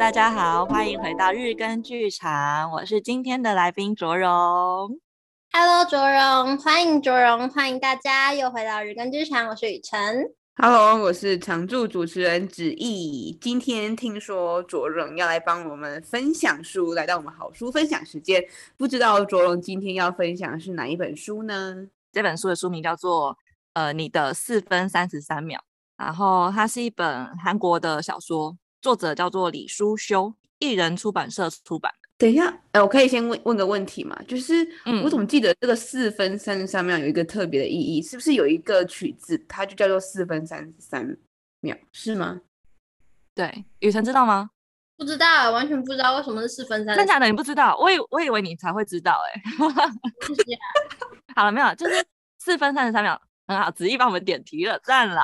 大家好，歡迎回到日更劇場，我是今天的來賓倬蓉。Hello，倬蓉，歡迎倬蓉，歡迎大家又回到日更劇場，我是雨辰。Hello，我是常駐主持人子毅。今天聽說倬蓉要來幫我們分享書，來到我們好書分享時間，不知道倬蓉今天要分享的是哪一本書呢？這本書的書名叫做《呃，你的四分三十三秒》，然後它是一本韓國的小說。作者叫做李書修，一人出版社出版。等一下，哎、欸，我可以先問問個問題嘛？就是，嗯，我怎麼記得這個四分三十三秒有一個特別的意義？是不是有一個曲子，它就叫做四分三十三秒，是嗎？對，雨辰知道嗎？不知道，完全不知道為什麼是四分三十三。真的假的？你不知道？我以我以為你才會知道，哎。 好了，沒有，就是四分三十三秒，很好，子毅幫我們點題了，讚了。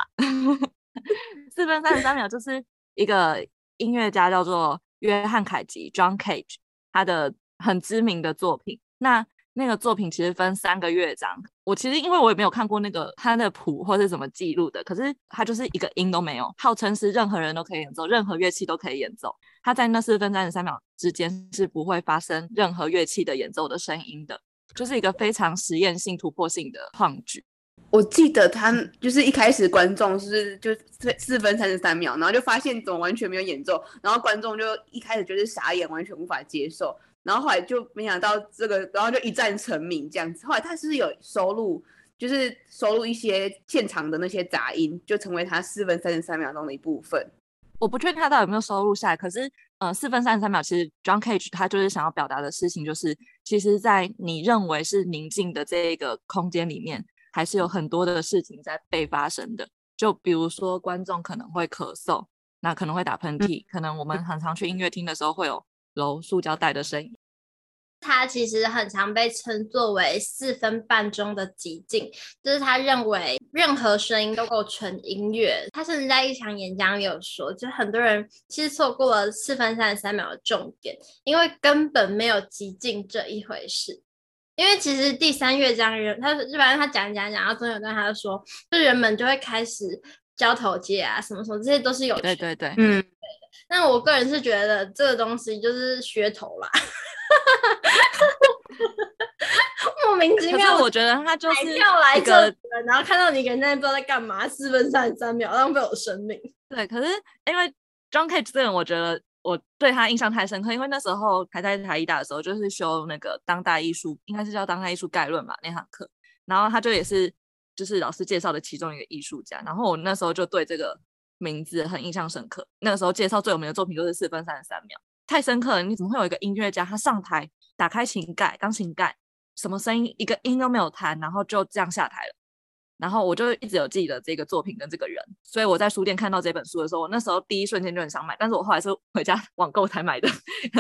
四 分三十三秒就是一個。 音樂家叫做約翰·凱吉 （John Cage），他的很知名的作品。那那個作品其實分三個樂章。我其實因為我也沒有看過那個他的譜或是怎麼記錄的，可是他就是一個音都沒有，號稱是任何人都可以演奏，任何樂器都可以演奏。他在那四分三十三秒之間是不會發生任何樂器的演奏的聲音的，就是一個非常實驗性、突破性的創舉。我記得他就是一開始觀眾是，是就四分三十三秒，然後就發現怎麼完全沒有演奏，然後觀眾就一開始就是傻眼，完全無法接受。然後後來就沒想到這個，然後就一戰成名這樣子。後來他是不是有收錄，就是收錄一些現場的那些雜音，就成為他四分三十三秒鐘的一部分？我不確定他到底有沒有收錄下來。可是，呃，四分三十三秒其實 John Cage 他就是想要表達的事情，就是其實在你認為是寧靜的這個空間裡面。還是有很多的事情在被發生的，就比如說，觀眾可能會咳嗽，那可能會打噴嚏，可能我們很常去音樂廳的時候會有揉塑膠袋的聲音。他其實很常被稱作為四分半鐘的寂靜，就是他認為任何聲音都構成音樂。他甚至在一場演講有說，就很多人其實錯過了四分三十三秒的重點，因為根本沒有寂靜這一回事。因為其實第三樂章，人他日本人他講講講，然後總有跟他就說，就人們就會開始交頭接啊，什麼什麼，這些都是有的。對對對，嗯。那我個人是覺得這個東西就是噱頭啦，莫名其妙。我覺得他就是要來一個，然後看到你跟人家不知道在幹嘛，四分三十三秒浪費我生命。對，可是因為 John Cage 這樣，我覺得。我對他印象太深刻，因為那時候還在台藝大的時候，就是修那個當代藝術，應該是叫當代藝術概論吧，那堂課，然後他就也是，就是老師介紹的其中一個藝術家，然後我那時候就對這個名字很印象深刻。那個時候介紹最有名的作品就是四分三十三秒，太深刻了。你怎麼會有一個音樂家，他上台打開琴蓋，鋼琴蓋，什麼聲音一個音都沒有彈，然後就這樣下台了。然後我就一直有記得這個作品跟這個人，所以我在書店看到這本書的時候，我那時候第一瞬間就很想買，但是我後來是回家網購才買的，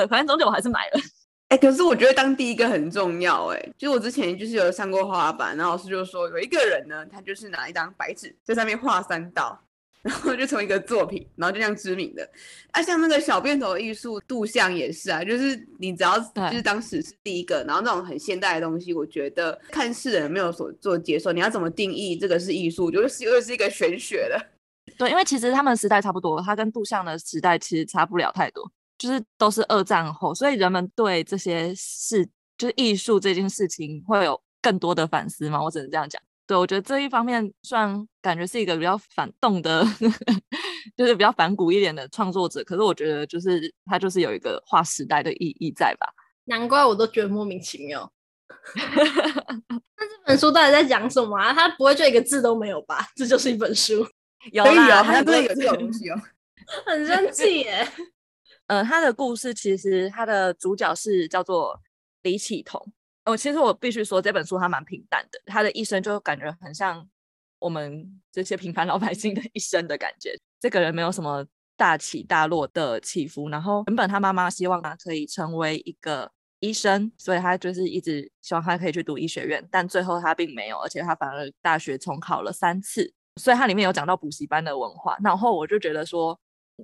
反正終究我還是買了。哎、欸，可是我覺得當第一個很重要、欸，哎，其實我之前就是有上過畫畫班，然後老師就說有一個人呢，他就是拿一張白紙，在上面畫三道。然後 就從一個作品，然後就這樣知名的。啊，像那個小便斗藝術，杜象也是啊，就是你只要就是當時是第一個，對然後那種很現代的東西，我覺得看世人沒有所做接受，你要怎麼定義這個是藝術，就是，就是一個是一個玄學的。對，因為其實他們時代差不多，他跟杜象的時代其實差不了太多，就是都是二戰後，所以人們對這些事，就是藝術這件事情會有更多的反思嗎？我只能這樣講。對，我覺得這一方面算感覺是一個比較反動的，呵呵就是比較反骨一點的創作者。可是我覺得，就是他就是有一個劃時代的意義在吧？難怪我都覺得莫名其妙。那 這本書到底在講什麼啊？他不會就一個字都沒有吧？這就是一本書。 有啊啦，他真的有這種東西哦。 很生氣耶。 呃，他的故事其實他的主角是叫做李啟彤。我、哦、其實我必須說，這本書它蠻平淡的，他的一生就感覺很像我們這些平凡老百姓的一生的感覺。這個人沒有什麼大起大落的起伏，然後原本他媽媽希望他可以成為一個醫生，所以他就是一直希望他可以去讀醫學院，但最後他並沒有，而且他反而大學重考了三次。所以它裡面有講到補習班的文化，然後我就覺得說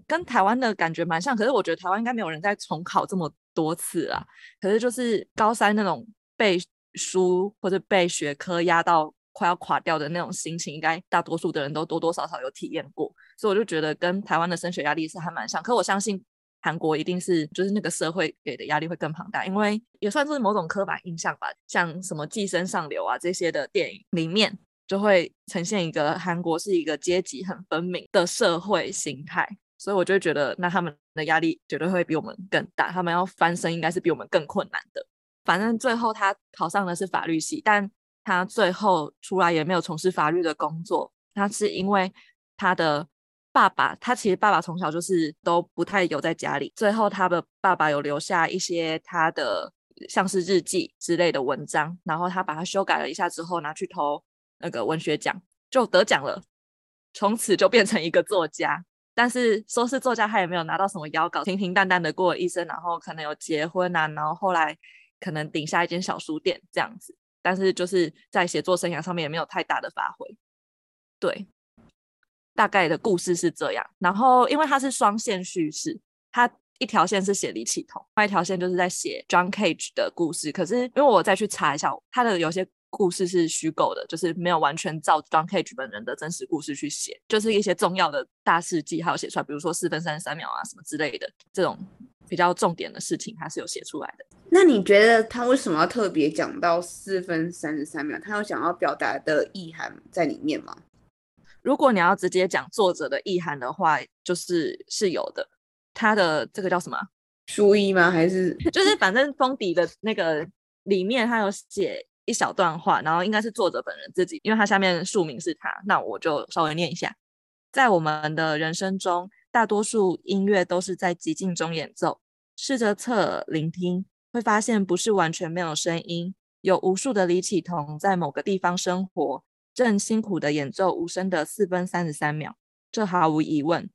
跟台灣的感覺蠻像，可是我覺得台灣應該沒有人再重考這麼多次啊。可是就是高三那種。背書或者被學科壓到快要垮掉的那種心情，應該大多數的人都多多少少有體驗過，所以我就覺得跟台灣的升學壓力是還蠻像。可我相信韓國一定是就是那個社會給的壓力會更龐大，因為也算是某種刻板印象吧，像什麼《寄生上流》啊這些的電影裡面就會呈現一個韓國是一個階級很分明的社會形態，所以我就覺得那他們的壓力絕對會比我們更大，他們要翻身應該是比我們更困難的。反正最後他考上的是法律系，但他最後出來也沒有從事法律的工作。他是因為他的爸爸，他其實爸爸從小就是都不太有在家裡。最後他的爸爸有留下一些他的像是日記之類的文章，然後他把它修改了一下之後拿去投那個文學獎，就得獎了。從此就變成一個作家，但是說是作家，他也沒有拿到什麼邀稿，平平淡淡的過一生，然後可能有結婚啊，然後後來。可能頂下一間小書店這樣子，但是就是在寫作生涯上面也沒有太大的發揮。對，大概的故事是這樣。然後因為它是雙線敘事，它一條線是寫李啟彤，另外一條線就是在寫 John Cage 的故事。可是因為我再去查一下，它的有些故事是虛構的，就是沒有完全照 John Cage 本人的真實故事去寫，就是一些重要的大事記還有寫出來，比如說四分三十三秒啊什麼之類的這種。比較重點的事情，它是有寫出來的。那你覺得他為什麼要特別講到四分三十三秒？他有想要表達的意涵在裡面嗎？如果你要直接講作者的意涵的話，就是是有的。他的這個叫什麼書衣嗎？還是 就是反正封底的那個裡面，他有寫一小段話，然後應該是作者本人自己，因為他下面署名是他。那我就稍微念一下：在我們的人生中，大多數音樂都是在寂靜中演奏。試着側耳聆聽，會發現不是完全沒有聲音，有無數的李啟彤在某個地方生活，正辛苦的演奏無聲的四分三十三秒。這毫無疑問，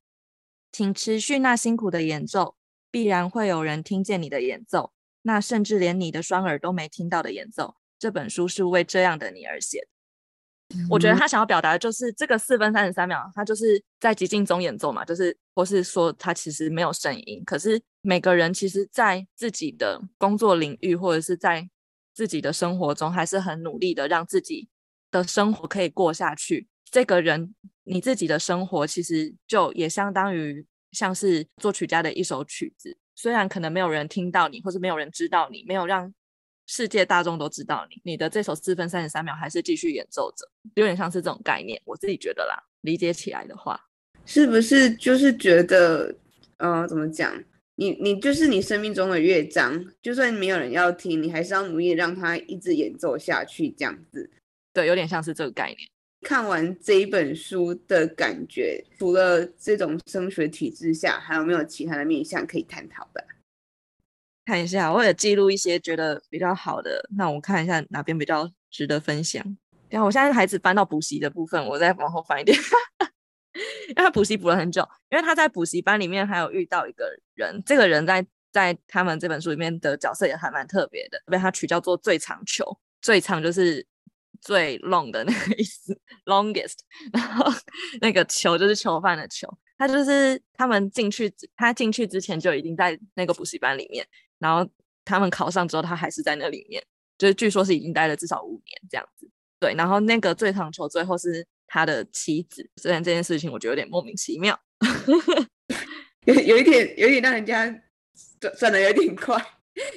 請持續那辛苦的演奏，必然會有人聽見你的演奏，那甚至連你的雙耳都沒聽到的演奏。這本書是為這樣的你而寫的。我覺得他想要表達的就是這個四分三十三秒，他就是在寂靜中演奏嘛，就是或是說他其實沒有聲音，可是每個人其實，在自己的工作領域或者是在自己的生活中，還是很努力的讓自己的生活可以過下去。這個人，你自己的生活其實就也相當於像是作曲家的一首曲子，雖然可能沒有人聽到你，或是沒有人知道你，沒有讓。世界大眾都知道你，你的這首四分三十三秒還是繼續演奏着，有點像是這種概念，我自己覺得啦，理解起來的話，是不是就是覺得，呃，怎麼講，你你就是你生命中的樂章，就算沒有人要聽，你還是要努力讓它一直演奏下去，這樣子。對，有點像是這個概念。看完這一本書的感覺，除了這種升學體制下，還有沒有其他的面向可以探討的？看一下，我也記錄一些覺得比較好的。那我看一下哪邊比較值得分享。等下我現在孩子搬到補習的部分，我再往後翻一點， 因為他補習補了很久。因為他在補習班裡面還有遇到一個人，這個人在在他們這本書裡面的角色也還蠻特別的，被他取叫做最長球。最長就是最 long 的那個意思，longest。Long est, 然後那個球就是囚犯的球，他就是他們進去，他進去之前就已經在那個補習班裡面。然後他們考上之後，他還是在那裡面，就是據說是已經待了至少五年這樣子。對，然後那個最長球最後是他的妻子，雖然這件事情我覺得有點莫名其妙， 有有一點有一點讓人家轉轉得有點快，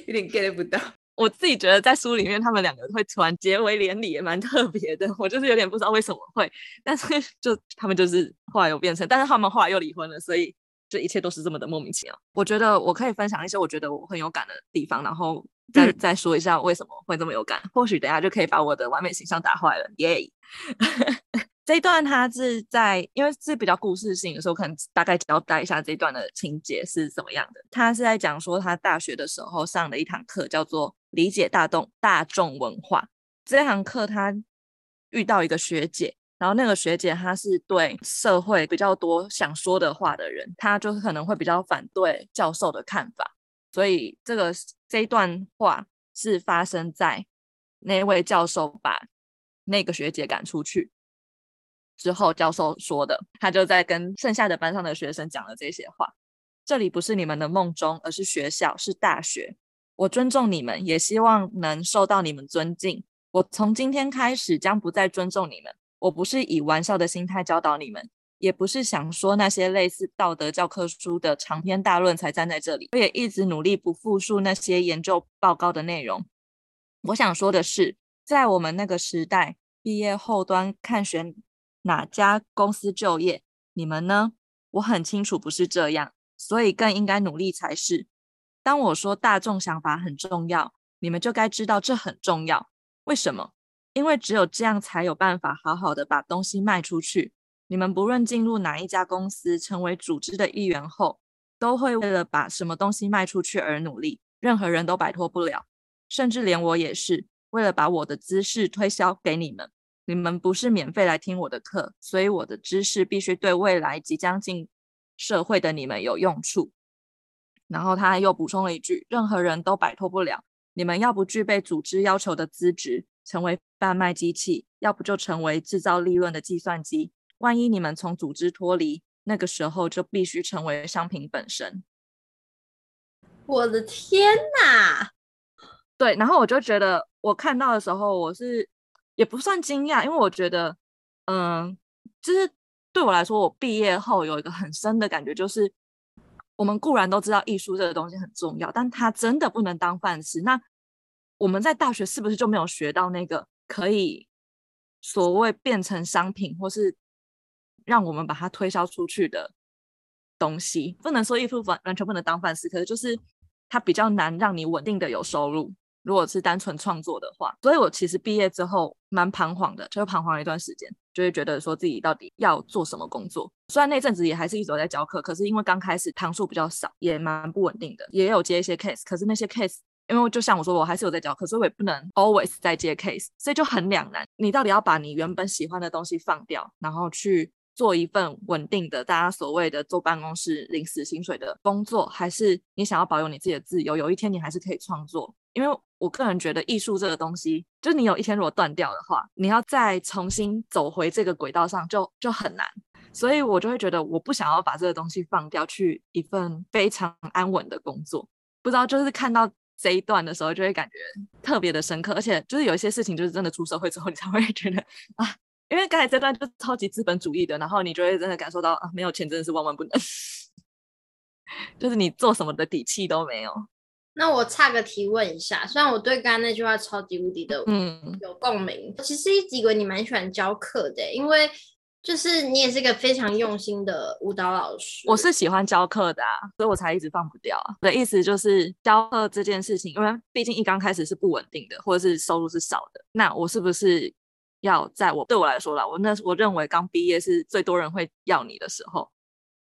有點 get 不到。我自己覺得在書裡面他們兩個會突然結為連理也蠻特別的，我就是有點不知道為什麼會，但是就他們就是後來又變成，但是他們後來又離婚了，所以。這一切都是這麼的莫名其妙。我覺得我可以分享一些我覺得我很有感的地方，然後再、嗯、再說一下為什麼會這麼有感。或許等下就可以把我的完美形象打壞了。耶、yeah! 這一段他是在，因為是比較故事性的，有時候我可能大概交代一下這一段的情節是怎麼樣的。他是在講說他大學的時候上了一堂課，叫做“理解大眾大眾文化”。這堂課他遇到一個學姐。然後那個學姐，她是對社會比較多想說的話的人，她就是可能會比較反對教授的看法。所以這個這一段話是發生在那位教授把那個學姐趕出去之後，教授說的。他就在跟剩下的班上的學生講了這些話。這裡不是你們的夢中，而是學校，是大學。我尊重你們，也希望能受到你們尊敬。我從今天開始將不再尊重你們。我不是以玩笑的心態教導你們，也不是想說那些類似道德教科書的長篇大論才站在這裡。我也一直努力不復述那些研究報告的內容。我想說的是，在我們那個時代，畢業後端看選哪家公司就業，你們呢？我很清楚不是這樣，所以更應該努力才是。當我說大眾想法很重要，你們就該知道這很重要。為什麼？因為只有這樣，才有辦法好好的把東西賣出去。你們不論進入哪一家公司，成為組織的一員後，都會為了把什麼東西賣出去而努力。任何人都擺脫不了，甚至連我也是為了把我的知識推銷給你們。你們不是免費來聽我的課，所以我的知識必須對未來即將進社會的你們有用處。然後他還又補充了一句：任何人都擺脫不了。你們要不具備組織要求的資質。成為販賣機器，要不就成為製造利潤的計算機。萬一你們從組織脫離，那個時候就必須成為商品本身。我的天哪！對，然後我就覺得，我看到的時候，我是也不算驚訝，因為我覺得，嗯，就是對我來說，我畢業後有一個很深的感覺，就是我們固然都知道藝術這個東西很重要，但它真的不能當飯吃。那我們在大學是不是就沒有學到那個可以所謂變成商品，或是讓我們把它推銷出去的東西？不能說藝術完完全不能當飯吃，可是就是它比較難讓你穩定的有收入，如果是單純創作的話，所以我其實畢業之後蠻彷徨的，就彷徨了一段時間，就會覺得說自己到底要做什麼工作。雖然那陣子也還是一直在教課，可是因為剛開始堂數比較少，也蠻不穩定的，也有接一些 case，可是那些 case，因為就像我說，我還是有在教，可是我也不能 always 在接 case，所以就很兩難。你到底要把你原本喜歡的東西放掉，然後去做一份穩定的、大家所謂的坐辦公室、臨時薪水的工作，還是你想要保有你自己的自由？有一天你還是可以創作。因為我個人覺得藝術這個東西，就你有一天如果斷掉的話，你要再重新走回這個軌道上就，就就很難。所以我就會覺得，我不想要把這個東西放掉，去一份非常安穩的工作。不知道就是看到。這一段的時候就會感覺特別的深刻，而且就是有一些事情，就是真的出社會之後你才會覺得啊。因為剛才這段就是超級資本主義的，然後你就會真的感受到啊，沒有錢真的是萬萬不能，就是你做什麼的底氣都沒有。那我岔個提問一下，雖然我對剛剛那句話超級無敵的嗯有共鳴，其實一直以為你蠻喜歡教課的，因為。就是你也是一個非常用心的舞蹈老師，我是喜歡教課的啊，所以我才一直放不掉啊。我的意思就是教課這件事情，因為畢竟一剛開始是不穩定的，或者是收入是少的。那我是不是要在我對我來說啦，我那我認為剛畢業是最多人會要你的時候，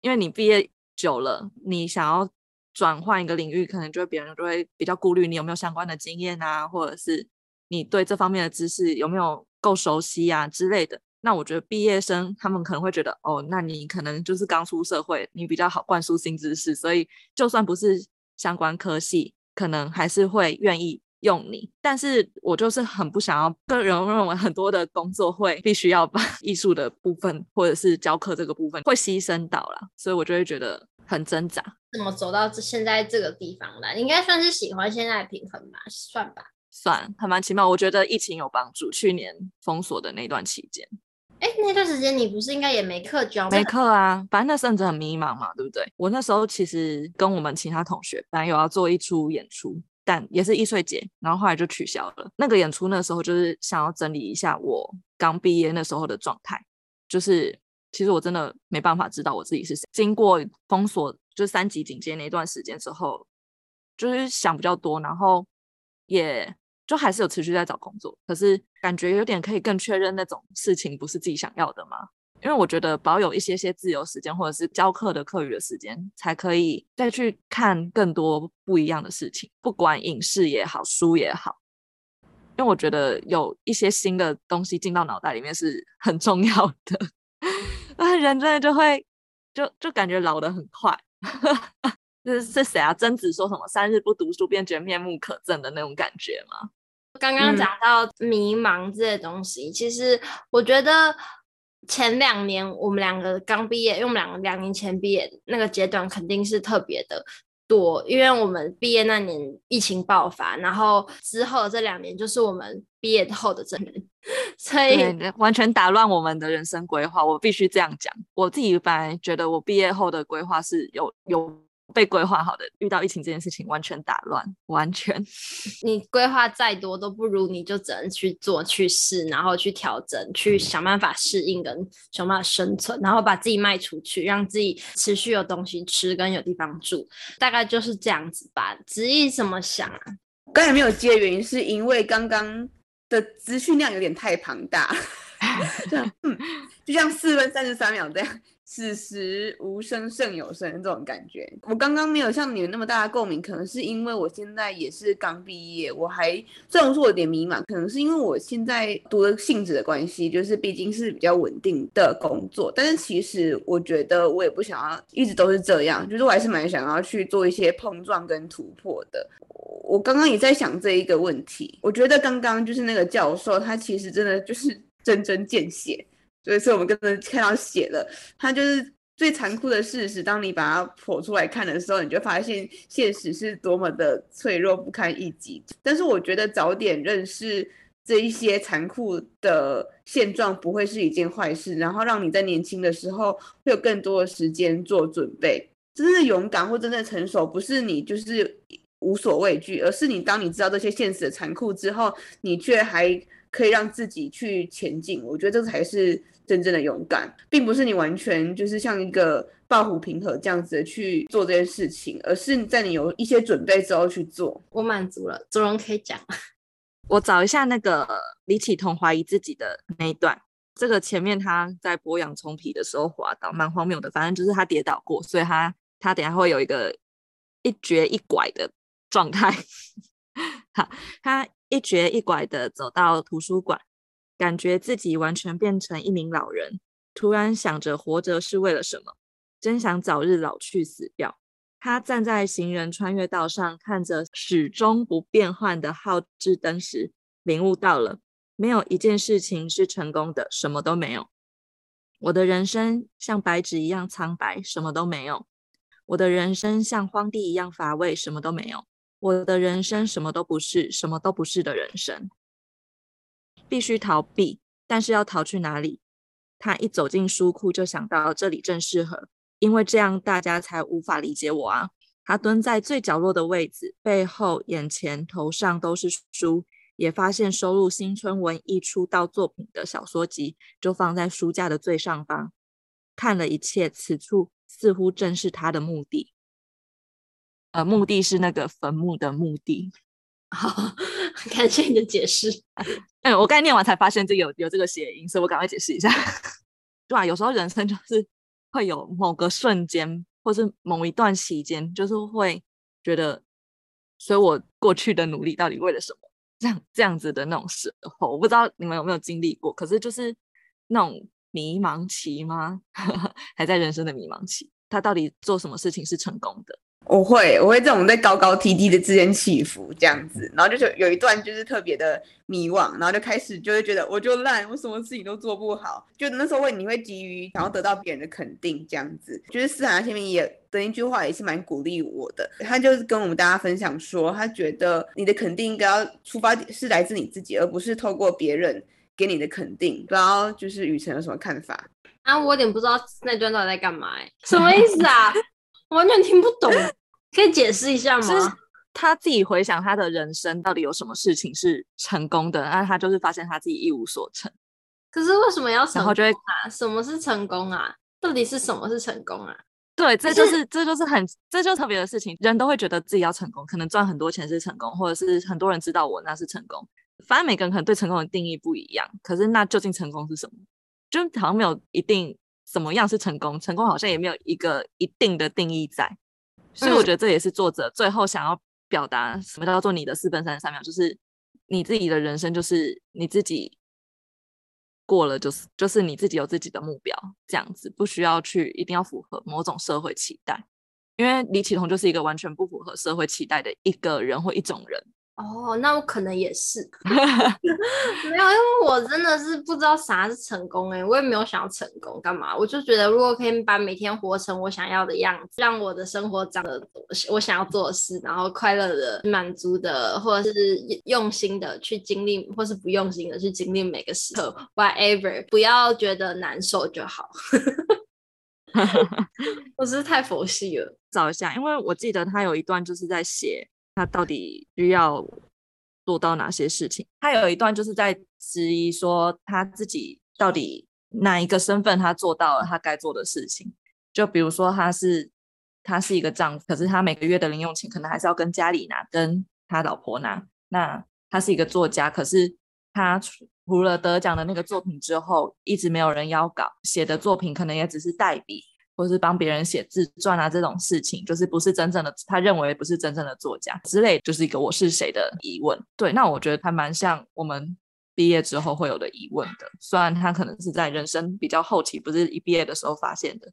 因為你畢業久了，你想要轉換一個領域，可能就會別人就會比較顧慮你有沒有相關的經驗啊，或者是你對這方面的知識有沒有夠熟悉啊之類的。那我覺得畢業生他們可能會覺得，哦，那你可能就是剛出社會，你比較好灌輸新知識，所以就算不是相關科系，可能還是會願意用你。但是我就是很不想要，個人認為很多的工作會必須要把藝術的部分或者是教課這個部分會犧牲到了，所以我就會覺得很掙扎。怎麼走到現在這個地方呢？應該算是喜歡現在平衡吧，算吧，算還蠻奇妙。我覺得疫情有幫助，去年封鎖的那段期間。哎，那段時間你不是應該也沒課教嗎？沒課啊，反正那時候你很迷茫嘛，對不對？我那時候其實跟我們其他同學反正有要做一出演出，但也是易碎節，然後後來就取消了那個演出。那時候就是想要整理一下我剛畢業那時候的狀態，就是其實我真的沒辦法知道我自己是誰。經過封鎖，就是三級警戒那段時間之後，就是想比較多，然後也。就還是有持續在找工作，可是感覺有點可以更確認那種事情不是自己想要的嗎？因為我覺得保有一些些自由時間，或者是教課的課餘的時間，才可以再去看更多不一樣的事情，不管影視也好，書也好。因為我覺得有一些新的東西進到腦袋裡面是很重要的那。 人真的就會就就感覺老得很快。 是是誰啊？曾子說什麼“三日不讀書，便覺面目可憎”的那種感覺嗎？剛剛講到迷茫這些東西，嗯、其實我覺得前兩年我們兩個剛畢業，因為我們兩個兩年前畢業，那個階段肯定是特別的多，因為我們畢業那年疫情爆發，然後之後這兩年就是我們畢業後的證明，所以完全打亂我們的人生規劃。我必須這樣講，我自己反而覺得我畢業後的規劃是有有。被規劃好的，遇到疫情這件事情完全打亂，完全你規劃再多都不如，你就只能去做去試，然後去調整，去想辦法適應跟想辦法生存，然後把自己賣出去，讓自己持續有東西吃跟有地方住，大概就是這樣子吧。子毅怎麼想啊？剛才沒有接的原因是因為剛剛的資訊量有點太龐大 就、嗯，就像四分三十三秒這樣。此時無聲勝有聲，這種感覺，我剛剛沒有像你們那麼大的共鳴，可能是因為我現在也是剛畢業，我還雖然說有點迷茫，可能是因為我現在讀的性質的關係，就是畢竟是比較穩定的工作，但是其實我覺得我也不想要一直都是這樣，就是我還是蠻想要去做一些碰撞跟突破的。我剛剛也在想這一個問題，我覺得剛剛就是那個教授，他其實真的就是針針見血。所以，是我們剛才看到寫的，他就是最殘酷的事實。當你把它剖出來看的時候，你就發現現實是多麼的脆弱不堪一擊。但是，我覺得早點認識這一些殘酷的現狀，不會是一件壞事。然後，讓你在年輕的時候會有更多的時間做準備。真正的勇敢或真正的成熟，不是你就是無所畏懼，而是你當你知道這些現實的殘酷之後，你卻還。可以讓自己去前進，我覺得這才是真正的勇敢，並不是你完全就是像一個暴虎馮河這樣子的去做這件事情，而是在你有一些準備之後去做。我滿足了，倬蓉可以講。我找一下那個李啟彤懷疑自己的那一段。這個前面他在剝洋蔥皮的時候滑倒，蠻荒謬的。反正就是他跌倒過，所以他他等下會有一個一瘸一拐的狀態。好， 他。一瘸一拐的走到圖書館，感覺自己完全變成一名老人。突然想着活着是為了什麼？真想早日老去死掉。他站在行人穿越道上，看着始終不變換的號志燈時，領悟到了：沒有一件事情是成功的，什麼都沒有。我的人生像白紙一樣蒼白，什麼都沒有。我的人生像荒地一樣乏味，什麼都沒有。我的人生什麼都不是，什麼都不是的人生，必須逃避。但是要逃去哪裡？他一走進書庫，就想到這裡正適合，因為這樣大家才無法理解我啊。他蹲在最角落的位置，背後、眼前、頭上都是書，也發現收錄新春文藝出道作品的小說集就放在書架的最上方。看了一切，此處似乎正是他的目的。呃，墓地是那個墳墓的墓地。好，哦，感謝你的解釋。哎、嗯，我剛才念完才發現這有有這個諧音，所以我趕快解釋一下。 對啊，有時候人生就是會有某個瞬間，或是某一段期間，就是會覺得，所以我過去的努力到底為了什麼？這樣這樣子的那種時候，我不知道你們有沒有經歷過。可是就是那種迷茫期嗎？ 還在人生的迷茫期，他到底做什麼事情是成功的？我會，我會這種在高高低低的之間起伏這樣子，然後就有一段就是特別的迷惘，然後就開始就會覺得我就爛，我什麼事情都做不好。就那時候會你會急於想要得到別人的肯定這樣子，就是思涵前面也的一句話也是蠻鼓勵我的。他就是跟我們大家分享說，他覺得你的肯定應該要出發點是來自你自己，而不是透過別人給你的肯定。然後就是雨辰有什麼看法？啊，我有點不知道那段到底在幹嘛，什麼意思啊？ 完全聽不懂，可以解釋一下嗎？就是他自己回想他的人生，到底有什麼事情是成功的？那他就是發現他自己一無所成。可是為什麼要成功？啊？然後就會，什麼是成功啊？到底是什麼是成功啊？對，這就是，是這就是很這就特別的事情。人都會覺得自己要成功，可能賺很多錢是成功，或者是很多人知道我那是成功。反正每個人可能對成功的定義不一樣。可是那究竟成功是什麼？就好像沒有一定。什麼樣是成功？成功好像也沒有一個一定的定義在，所以我覺得這也是作者最後想要表達，什麼叫做你的四分三十三秒，就是你自己的人生，就是你自己過了，就是就是你自己有自己的目標，這樣子不需要去一定要符合某種社會期待，因為李啟彤就是一個完全不符合社會期待的一個人或一種人。哦，oh, 那我可能也是， 沒有，因為我真的是不知道啥是成功哎、欸，我也沒有想要成功幹嘛，我就覺得如果可以把每天活成我想要的樣子，讓我的生活長得我想要做的事，然後快樂的、滿足的，或者是用心的去經歷，或是不用心的去經歷每個時刻，whatever，不要覺得難受就好。 我真是太佛系了，找一下，因為我記得他有一段就是在寫。他到底需要做到哪些事情？他有一段就是在質疑說，他自己到底哪一個身份，他做到了他該做的事情？就比如說，他是他是一個丈夫，可是他每個月的零用錢可能還是要跟家裡拿，跟他老婆拿。那他是一個作家，可是他除了得獎的那個作品之後，一直沒有人邀稿，寫的作品可能也只是代筆。或是幫別人寫自傳啊這種事情，就是不是真正的，他認為不是真正的作家之類，就是一個我是誰的疑問。對，那我覺得他蠻像我們畢業之後會有的疑問的，雖然他可能是在人生比較後期，不是一畢業的時候發現的。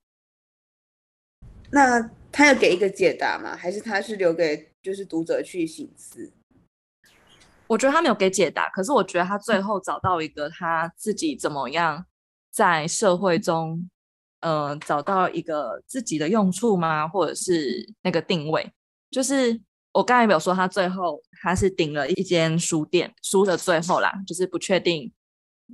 那他要給一個解答嗎？還是他是留給就是讀者去省思？我覺得他沒有給解答，可是我覺得他最後找到一個他自己怎麼樣在社會中。呃，找到一個自己的用處嗎？或者是那個定位？就是我剛才沒有說他最後，他是頂了一間書店，書的最後啦，就是不確定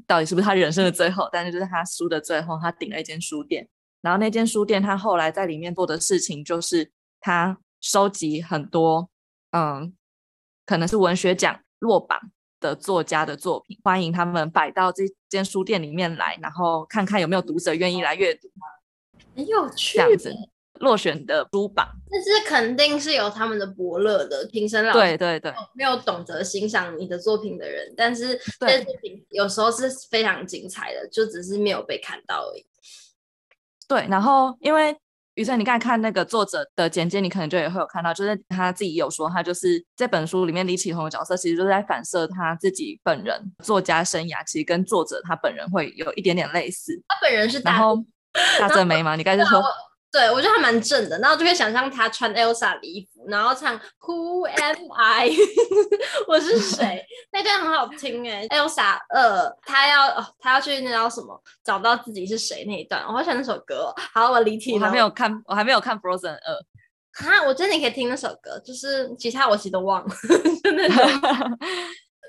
到底是不是他人生的最後，但是就是他書的最後，他頂了一間書店。然後那間書店他後來在裡面做的事情，就是他收集很多，嗯、呃，可能是文學獎落榜。的作家的作品，歡迎他們擺到這間書店裡面來，然後看看有沒有讀者願意來閱讀嗎？很、哦、有趣，這樣子落選的書榜，但是肯定是有他們的伯樂的，評審老師，對，對對對，沒有懂得欣賞你的作品的人，但是但是有時候是非常精彩的，對就只是沒有被看到而已。對，然後因為。餘生，於你剛才看那個作者的簡介，你可能就也會有看到，就是他自己有說，他就是這本書裡面李啟彤的角色，其實就是在反射他自己本人作家生涯，其實跟作者他本人會有一點點類似。他本人是然後，然後大皺眉嗎？後你剛才說。好對，我覺得他蠻正的，然後就會想象他穿 Elsa 的衣服，然後唱 Who Am I 我是誰？ 那段很好聽哎。 Elsa，呃，他要哦，他要去那叫什麼？找不到自己是誰那一段，我會唱那首歌哦。好，我離題了，我還沒有看，我還沒有看 Frozen 二他，我覺得你可以聽那首歌，就是其他我其實都忘了，真的。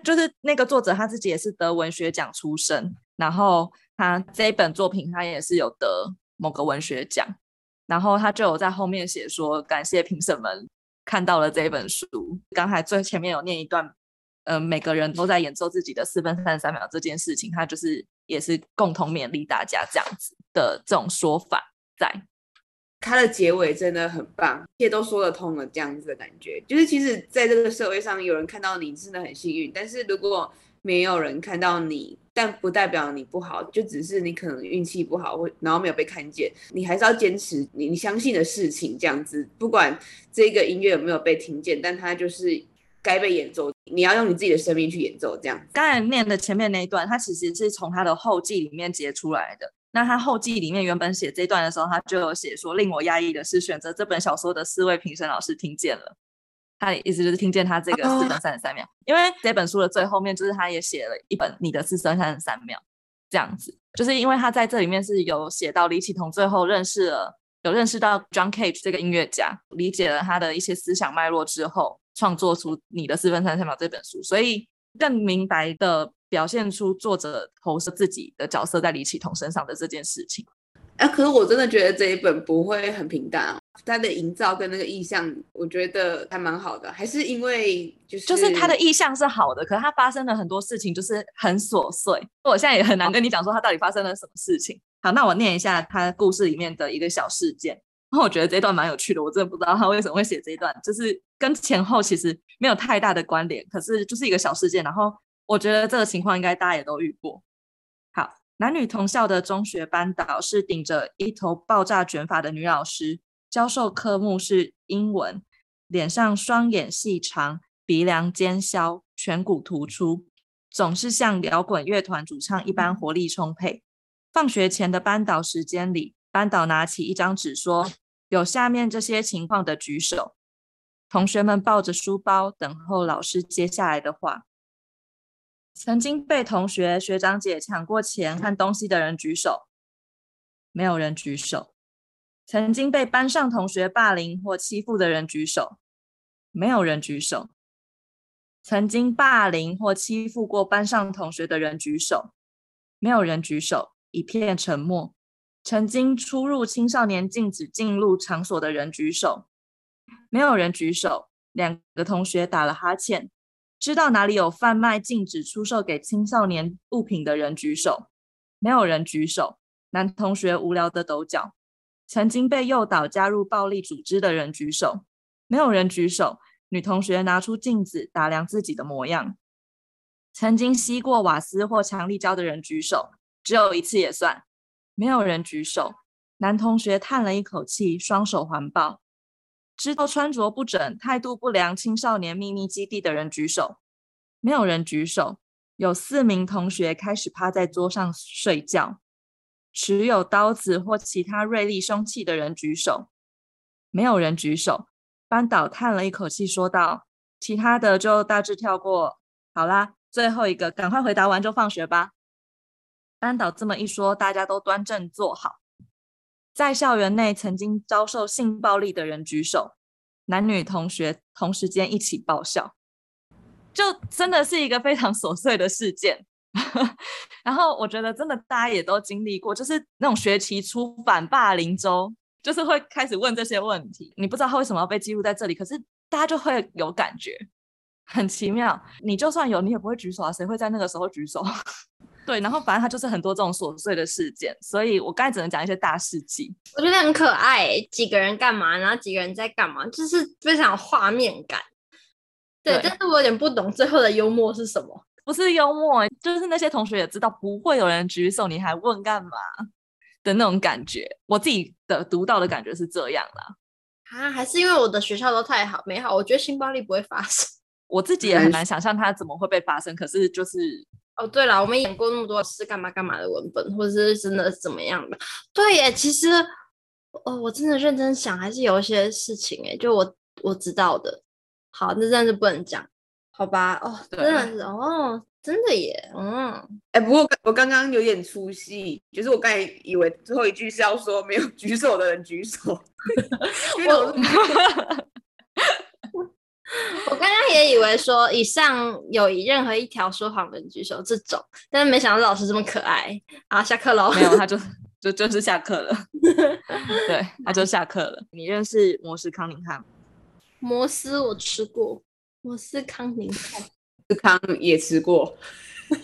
就是那個作者他自己也是得文學獎出身，然後他這一本作品他也是有得某個文學獎。然後他就有在後面寫說，感謝評審們看到了這本書。剛才最前面有念一段，嗯、呃，每個人都在演奏自己的四分三十三秒這件事情，他就是也是共同勉勵大家這樣子的這種說法在，在他的結尾真的很棒，一切都說得通了，這樣子的感覺。就是其實在這個社會上，有人看到你真的很幸運，但是如果沒有人看到你。但不代表你不好，就只是你可能運氣不好，或然後沒有被看見，你還是要堅持你你相信的事情，這樣子，不管這個音樂有沒有被聽見，但它就是該被演奏，你要用你自己的生命去演奏，這樣。剛才念的前面那一段，它其實是從他的後記裡面截出來的。那他後記裡面原本寫這一段的時候，他就有寫說，令我壓抑的是，選擇這本小說的四位評審老師聽見了。他的意思就是聽見他這個四分三十三秒，Oh. 因為這本書的最後面就是他也寫了一本《你的四分三十三秒》這樣子，就是因為他在這裡面是有寫到李啟彤最後認識了，有認識到 John Cage 這個音樂家，理解了他的一些思想脈絡之後，創作出《你的四分三十三秒》這本書，所以更明白的表現出作者投射自己的角色在李啟彤身上的這件事情。哎、啊，可是我真的覺得這一本不會很平淡。他的營造跟那個意象，我覺得還蠻好的，還是因為就是，就是他的意象是好的，可是他發生了很多事情，就是很瑣碎。我現在也很難跟你講說他到底發生了什麼事情。好，那我念一下他故事裡面的一個小事件，然後我覺得這一段蠻有趣的，我真的不知道他為什麼會寫這一段，就是跟前後其實沒有太大的關聯，可是就是一個小事件。然後我覺得這個情況應該大家也都遇過。好，男女同校的中學班導師，是頂着一頭爆炸卷髮的女老師。教授科目是英文，臉上雙眼細長，鼻梁尖削，顴骨突出，總是像搖滾樂團主唱一般活力充沛。放學前的班導時間裡，班導拿起一張紙說：“有下面這些情況的舉手。”同學們抱着書包等候老師接下來的話。曾經被同學學長姐搶過錢看東西的人舉手，沒有人舉手。曾經被班上同學霸凌或欺負的人舉手，沒有人舉手。曾經霸凌或欺負過班上同學的人舉手，沒有人舉手，一片沉默。曾經出入青少年禁止進入場所的人舉手，沒有人舉手。兩個同學打了哈欠。知道哪裡有販賣禁止出售給青少年物品的人舉手，沒有人舉手。男同學無聊地抖腳。曾經被誘導加入暴力組織的人舉手，沒有人舉手。女同學拿出鏡子打量自己的模樣。曾經吸過瓦斯或強力膠的人舉手，只有一次也算，沒有人舉手。男同學嘆了一口氣，雙手環抱。知道穿着不整、態度不良青少年秘密基地的人舉手，沒有人舉手。有四名同學開始趴在桌上睡覺。持有刀子或其他銳利凶器的人舉手，沒有人舉手。班導嘆了一口氣，說道：“其他的就大致跳過，好啦，最後一個，趕快回答完就放學吧。”班導這麼一說，大家都端正坐好。在校園內曾經遭受性暴力的人舉手，男女同學同時間一起爆笑，就真的是一個非常瑣碎的事件。 然後我覺得，真的大家也都經歷過，就是那種學期初反霸凌週，就是會開始問這些問題。你不知道他為什麼要被記錄在這裡，可是大家就會有感覺，很奇妙。你就算有，你也不會舉手啊，誰會在那個時候舉手？ 對，然後反正他就是很多這種瑣碎的事件，所以我剛才只能講一些大事情，我覺得很可愛、欸，幾個人幹嘛？然後幾個人在幹嘛？就是非常畫面感。對，對，但是我有點不懂最後的幽默是什麼。不是幽默，就是那些同學也知道，不會有人舉手，你還問干嘛的那種感覺。我自己的讀到的感覺是這樣的啊，還是因為我的學校都太好美好，我覺得性暴力不會發生。我自己也很難想象它怎麼會被發生，嗯、可是就是哦，對了，我們演過那麼多是幹嘛幹嘛的文本，或者是真的怎麼樣的？對耶，其實哦，我真的認真想，還是有一些事情誒，就我我知道的，好，那這樣就不能講。好吧，哦，真的是哦，真的耶，嗯，哎、欸，不過我剛剛有點出戲，就是我剛才以為最後一句是要說沒有舉手的人舉手， 我 我剛剛也以為說以上有以任何一條說謊的人舉手這種，但是沒想到老師這麼可愛，啊，下課嘍，沒有，他就就就，就是下課了， 對，他就下課了。嗯、你認識摩斯康寧漢嗎？摩斯，我吃過。摩斯康寧漢斯 康也吃過，斯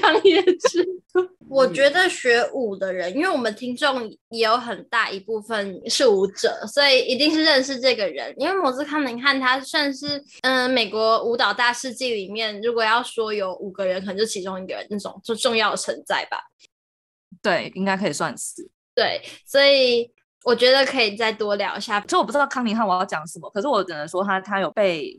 康也吃過。我覺得學舞的人，嗯、因為我們聽眾也有很大一部分是舞者，所以一定是認識這個人。因為摩斯康寧漢他算是嗯、呃，美國舞蹈大世紀裡面，如果要說有五個人，可能就其中一個人那種就重要的存在吧。對，應該可以算是對，所以。我覺得可以再多聊一下，可我不知道康寧漢我要講什麼，可是我只能說他他有被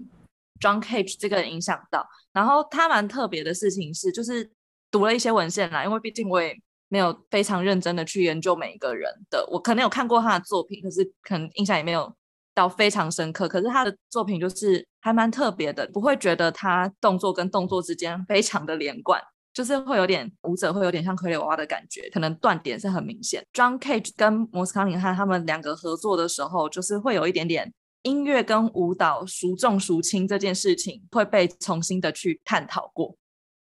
John Cage 這個人影響到，然後他蠻特別的事情是，就是讀了一些文獻啦，因為畢竟我也沒有非常認真的去研究每一個人的，我可能有看過他的作品，可是可能印象也沒有到非常深刻，可是他的作品就是還蠻特別的，不會覺得他動作跟動作之間非常的連貫。就是會有點舞者會有點像傀儡娃娃的感覺，可能斷點是很明顯。John Cage 跟摩斯康寧漢他們兩個合作的時候，就是會有一點點音樂跟舞蹈孰重孰輕這件事情會被重新的去探討過。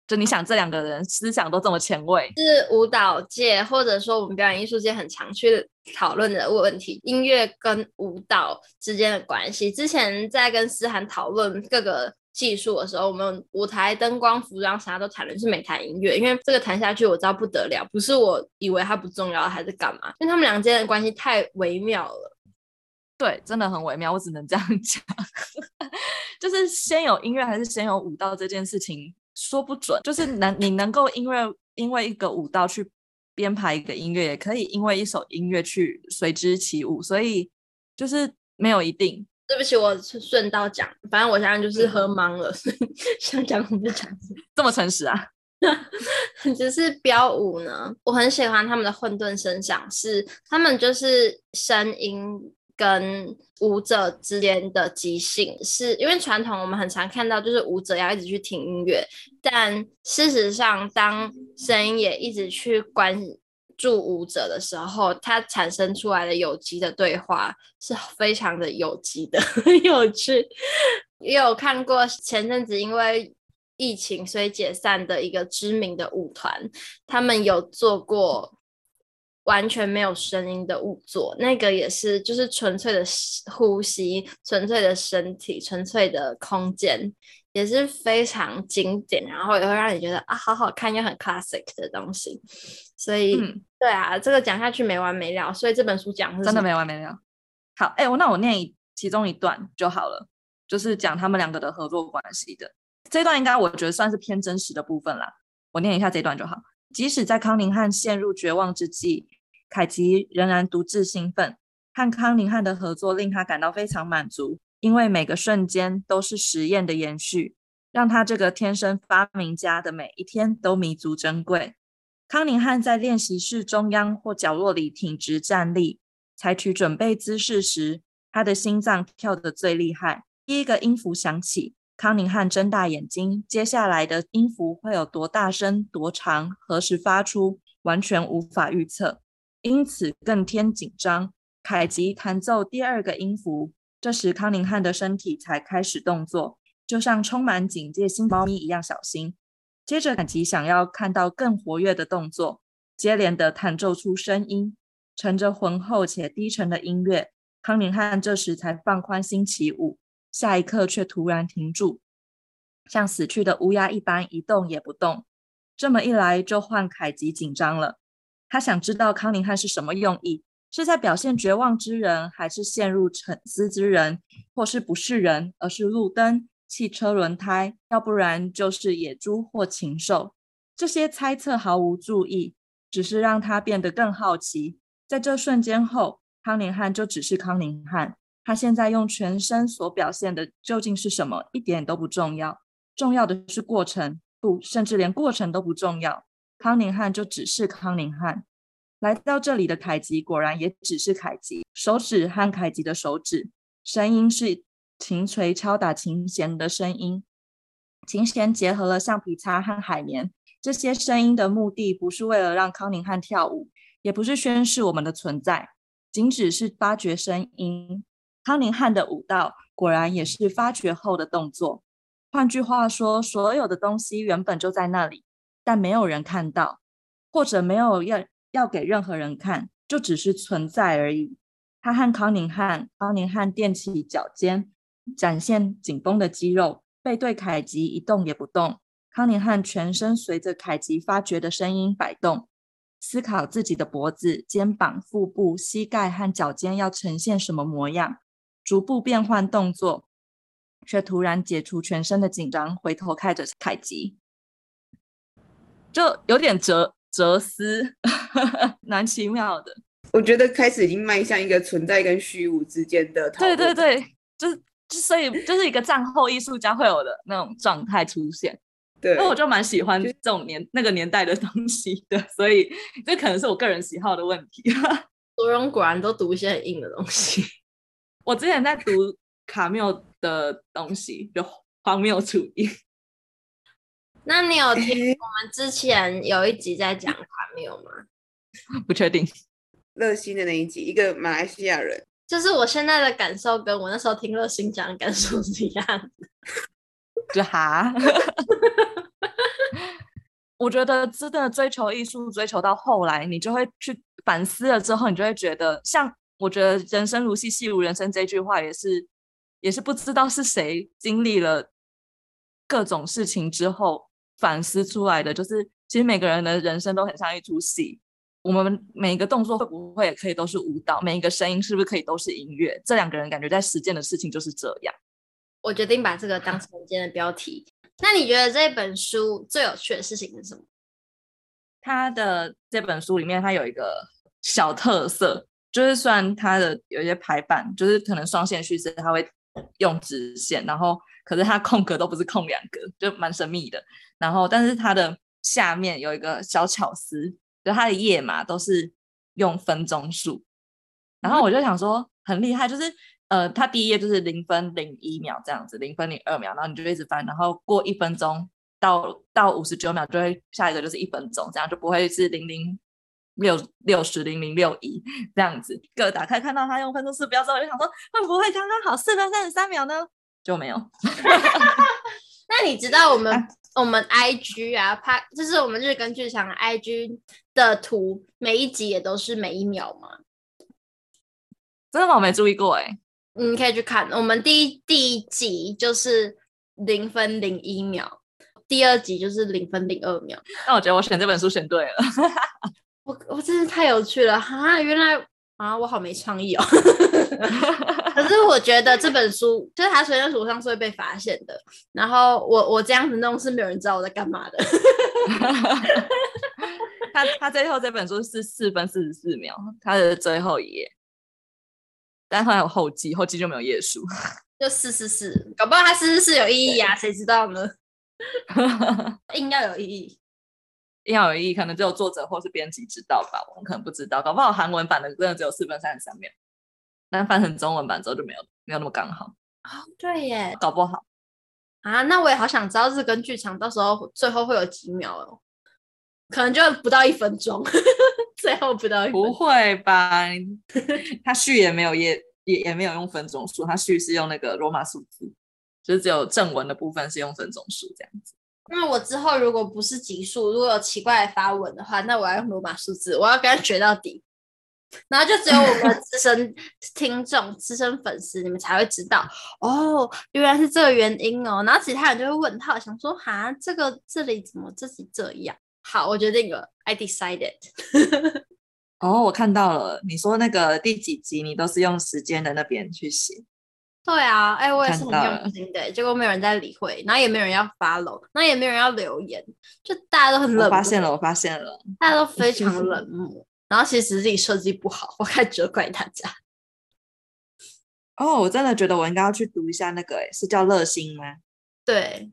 就你想，這兩個人思想都這麼前衛，是舞蹈界或者說我們表演藝術界很常去討論的問題：音樂跟舞蹈之間的關係。之前在跟思涵討論各個。技術的時候，我們舞台燈光、服裝啥都談了，是沒談音樂，因為這個談下去我知道不得了，不是我以為它不重要還是幹嘛？因為他們兩之間的關係太微妙了，對，真的很微妙，我只能這樣講， 就是先有音樂還是先有舞蹈這件事情說不準，就是能你能夠因為 因為一個舞蹈去編排一個音樂，也可以因為一首音樂去隨之起舞，所以就是沒有一定。對不起，我是順道講，反正我現在就是喝茫了，所以、嗯、 想講就講。這麼誠實啊，只 是飆舞呢，我很喜歡他們的混沌聲響，是他們就是聲音跟舞者之間的即興，是因為傳統我們很常看到就是舞者要一直去聽音樂，但事實上當聲音也一直去觀。助舞者的時候，它產生出來的有機的對話是非常的有機的，很有趣。也有看過前陣子因為疫情所以解散的一個知名的舞團，他們有做過完全沒有聲音的舞作，那個也是就是純粹的呼吸、純粹的身體、純粹的空間。也是非常經典，然後也會讓你覺得啊，好好看又很 classic 的東西。所以，嗯、對啊，這個講下去沒完沒了。所以這本書講的是真的沒完沒了。好，哎，我那我念其中一段就好了，就是講他們兩個的合作關係的。這段應該我覺得算是偏真實的部分啦。我念一下這一段就好。即使在康寧漢陷入絕望之際，凱奇仍然獨自興奮，和康寧漢的合作令他感到非常滿足。因為每個瞬間都是實驗的延續，讓他這個天生發明家的每一天都彌足珍貴。康寧漢在練習室中央或角落裡挺直站立，採取準備姿勢時，他的心臟跳得最厲害。第一個音符響起，康寧漢睜大眼睛，接下來的音符會有多大聲、多長、何時發出，完全無法預測，因此更添緊張。凱吉彈奏第二個音符。這時，康寧漢的身體才開始動作，就像充滿警戒心貓咪一樣小心。接着，凱吉想要看到更活躍的動作，接連地彈奏出聲音，乘着渾厚且低沉的音樂，康寧漢這時才放寬心起舞。下一刻卻突然停住，像死去的烏鴉一般一動也不動。這麼一來，就換凱吉緊張了。他想知道康寧漢是什麼用意。是在表現絕望之人，還是陷入沉思之人，或是不是人，而是路燈、汽車輪胎，要不然就是野豬或禽獸。這些猜測毫無注意，只是讓他變得更好奇。在這瞬間後，康寧漢就只是康寧漢。他現在用全身所表現的究竟是什麼，一點都不重要。重要的是過程，不，甚至連過程都不重要。康寧漢就只是康寧漢。來到這裡的凱吉果然也只是凱吉，手指和凱吉的手指，聲音是琴錘敲打琴弦的聲音，琴弦結合了橡皮擦和海綿。這些聲音的目的不是為了讓康寧漢跳舞，也不是宣示我們的存在，僅只是發掘聲音。康寧漢的舞蹈果然也是發掘後的動作。換句話說，所有的東西原本就在那裡，但沒有人看到，或者沒有要。要給任何人看，就只是存在而已。他和康寧漢，康寧漢踮起腳尖，展現緊繃的肌肉，背對凱吉一動也不動。康寧漢全身隨着凱吉發掘的聲音擺動，思考自己的脖子、肩膀、腹部、膝蓋和腳尖要呈現什麼模樣，逐步變換動作，卻突然解除全身的緊張，回頭看着凱吉，就有點折。哲思，蠻奇妙的。我覺得開始已經邁向一個存在跟虛無之間的討論。對對對，就是，就所以就是一個戰後藝術家會有的那種狀態出現。對，那我就蠻喜歡這種年就那個年代的東西的，所以這可能是我個人喜好的問題。倬蓉 人果然都讀一些很硬的東西。 我之前在讀卡繆的東西，就荒謬主義。那你有聽我們之前有一集在講他沒有嗎？ 不確定，樂心的那一集，一個馬來西亞人，就是我現在的感受跟我那時候聽樂心講的感受是一樣的。就哈，我覺得真的追求藝術，追求到後來，你就會去反思了之後，你就會覺得，像我覺得“人生如戲，戲如人生”這句話，也是，也是不知道是誰經歷了各種事情之後。反思出來的就是，其實每個人的人生都很像一出戲。我們每一個動作會不會也可以都是舞蹈？每一個聲音是不是可以都是音樂？這兩個人感覺在實踐的事情就是這樣。我決定把這個當成今天的標題。那你覺得這本書最有趣的事情是什麼？他的這本書裡面，它有一個小特色，就是雖然它的有一些排版，就是可能雙線敘事，他會用直線，然後可是它空格都不是空兩格，就蠻神秘的。然後，但是它的下面有一個小巧思，就它的頁碼都是用分鐘數。然後我就想說，很厲害，就是呃，它第一頁就是零分零一秒這樣子，零分零二秒，然後你就一直翻，然後過一分鐘到到五十九秒就會下一個就是一分鐘，這樣就不會是零零六六十零零六一這樣子。各打開看到它用分鐘數標之後，我就想說，會不會剛剛好四分三十三秒呢？就沒有 那你知道我們？啊我們 I G 啊，拍，這、就是我們日更劇場 I G 的圖，每一集也都是每一秒嘛。真的嗎？我沒注意過哎、欸。你可以去看，我們第一第一集就是零分零一秒，第二集就是零分零二秒。但我覺得我選這本書選對了， 我我真是太有趣了哈，原來。啊，我好沒創意哦！ 可是我覺得這本書，就是它隨然書上是會被發現的，然後我我這樣子弄是沒有人知道我在幹嘛的。 他他最後這本書是四分四十四秒，他的最後一頁。但他還有後記，後記就沒有頁數，就四四四，搞不好他四四四有意義啊？誰對知道呢？ 應該有意義。比較有意義，可能只有作者或是編輯知道吧。我們可能不知道，搞不好韓文版的真的只有四分三十三秒，但翻成中文版之後就沒有沒有那麼剛好。哦，對耶，搞不好啊，那我也好想知道日根劇場到時候最後會有幾秒哦，可能就不到一分鐘，最後不到一分鐘。不會吧？他序也沒有也也也沒有用分鐘數，他序是用那個羅馬數字，就是只有正文的部分是用分鐘數這樣子。那我之後如果不是集數，如果有奇怪的發文的話，那我要用羅馬數字，我要跟他決到底。然後就只有我們資深聽眾、資 深粉絲，你們才會知道哦，原來是這個原因哦。然後其他人就會問他，想說哈，這個這裡怎麼自己這，這樣？好，我決定了，I decided 。哦，我看到了，你說那個第幾集，你都是用時間的那邊去寫。對啊，哎、欸，我也是很用心的，結果沒有人在理會，然後也沒有人要 follow，那也沒有人要留言，就大家都很冷漠。我發現了，我發現了，大家都非常冷漠。 然後其實自己設計不好，我開始責怪大家。哦，oh, 我真的覺得我應該要去讀一下那個，是叫熱心嗎？對。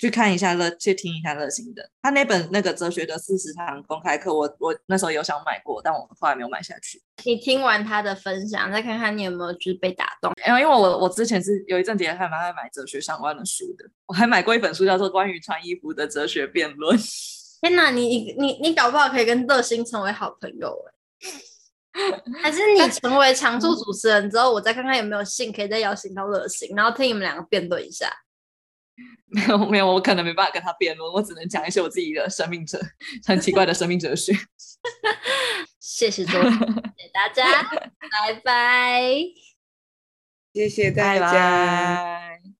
去看一下樂，去聽一下樂心的。他那本那個哲學的四十堂公開課，我我那時候有想買過，但我後來沒有買下去。你聽完他的分享，再看看你有沒有就是被打動。然、欸、後因為我我之前是有一陣子還蠻愛買哲學相關的書的，我還買過一本書叫做《關於穿衣服的哲學辯論》。天哪、啊，你你你搞不好可以跟樂心成為好朋友哎， 還是你成為常駐主持人之後，我再看看有沒有信可以再邀請到樂心，然後聽你們兩個辯論一下。 沒有沒有，我可能沒辦法跟他辯論，我只能講一些我自己的生命哲，很奇怪的生命哲學。謝謝周，謝謝大家， 拜拜。謝謝大家。